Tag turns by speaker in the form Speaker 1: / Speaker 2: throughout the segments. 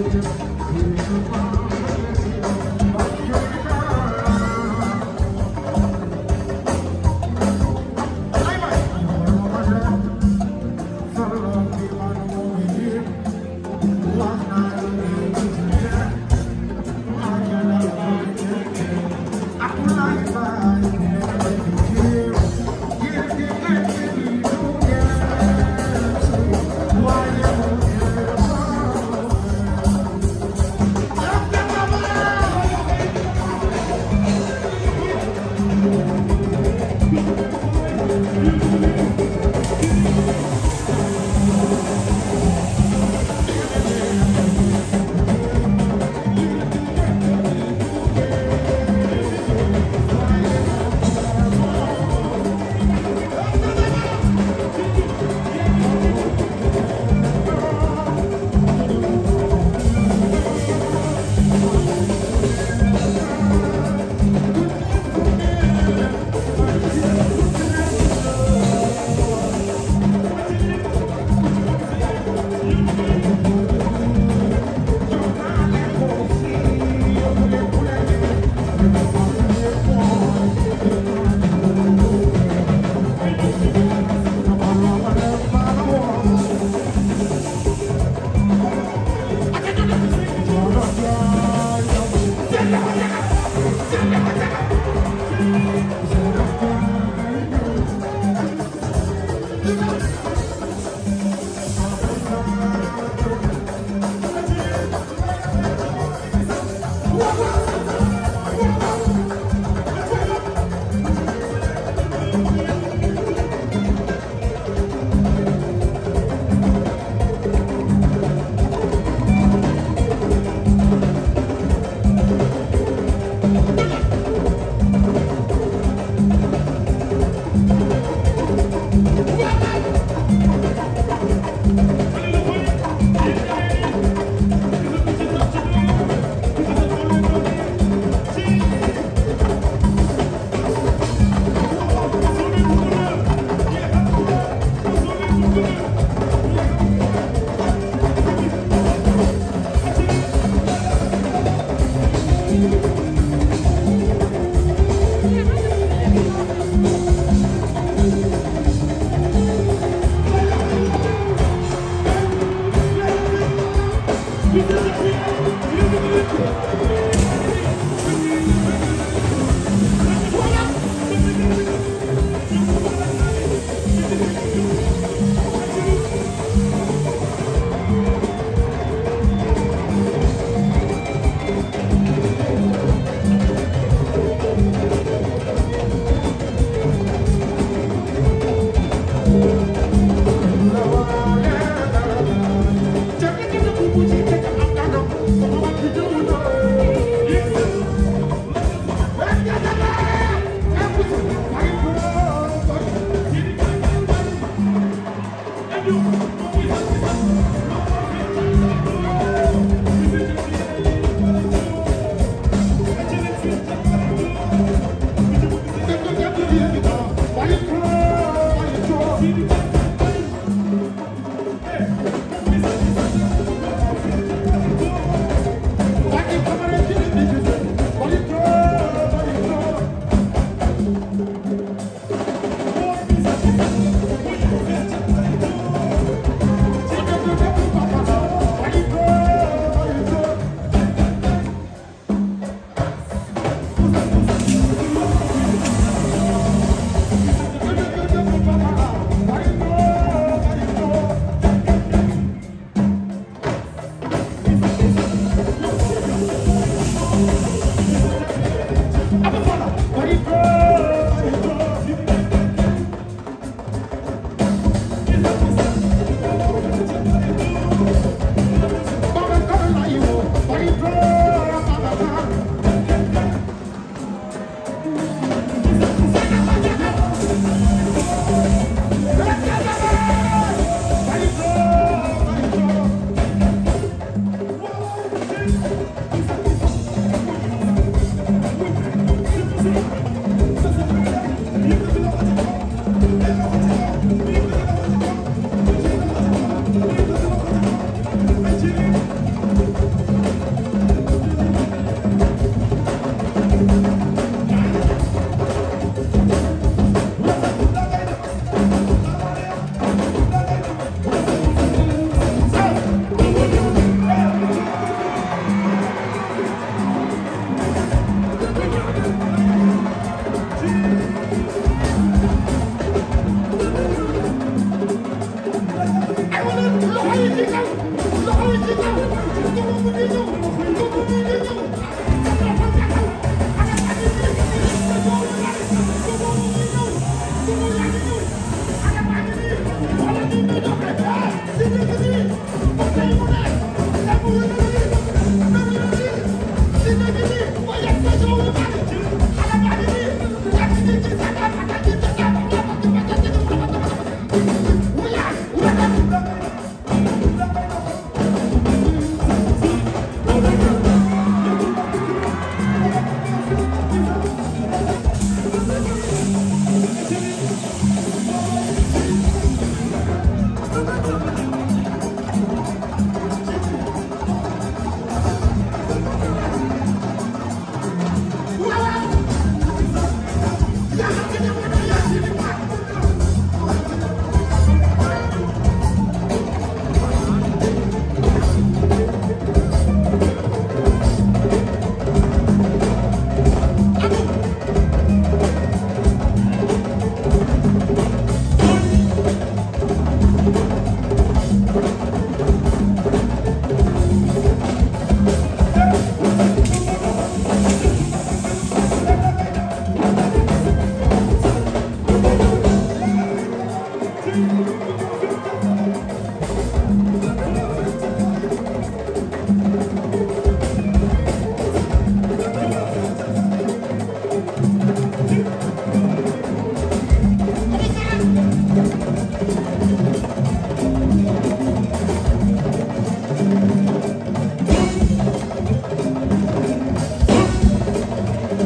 Speaker 1: Thank you.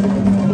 Speaker 1: Thank you.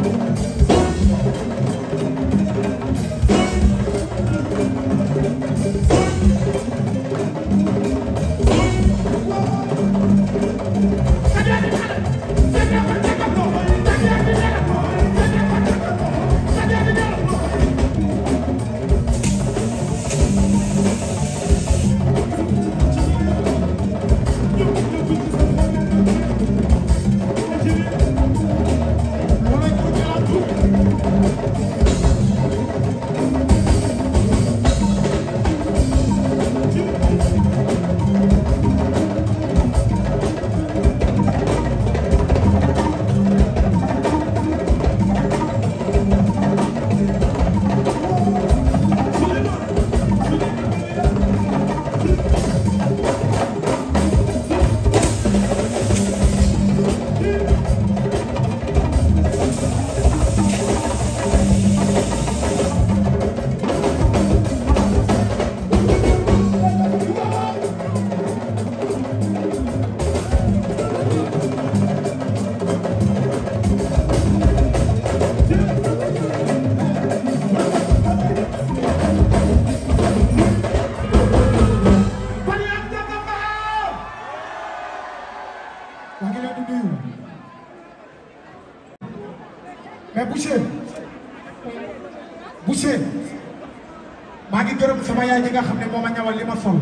Speaker 1: mais Boucher Boucher maa ngi gërëm sama yaay ji nga xam ne moo ma ñawal li ma sol.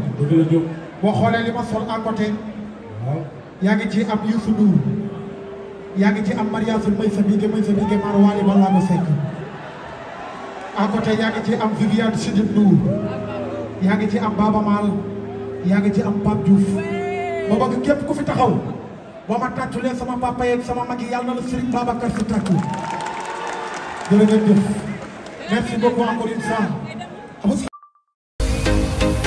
Speaker 1: boo xoolee li ma sol à côté. yaa ngi ci am Youssou Ndour yaa ngi ci am Mariasul may sa bige may sa bige maar waale ba laa ma fekk à côté yaa ngi ci am Viviane Chidid Ndour yaa ngi ci am Baba yaa ngi ci am Pape Diouf ma bëgg képp ku fi taxaw boo ma tàcculee sama papa sama mag yi na la Serigne Babacar si tàccu jërë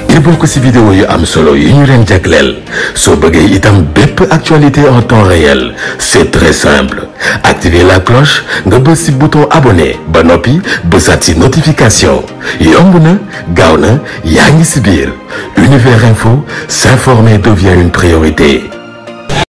Speaker 2: ngeen ci vidéo yu am solo yi ñu leen jagleel soo bëggee itam bépp actualité en temps réel c'est très simple activer la cloche nga bës ci bouton abonné ba noppi bësaat ci notification yomb na gaaw na yaa ngi ci univers info s'informer devient une priorité.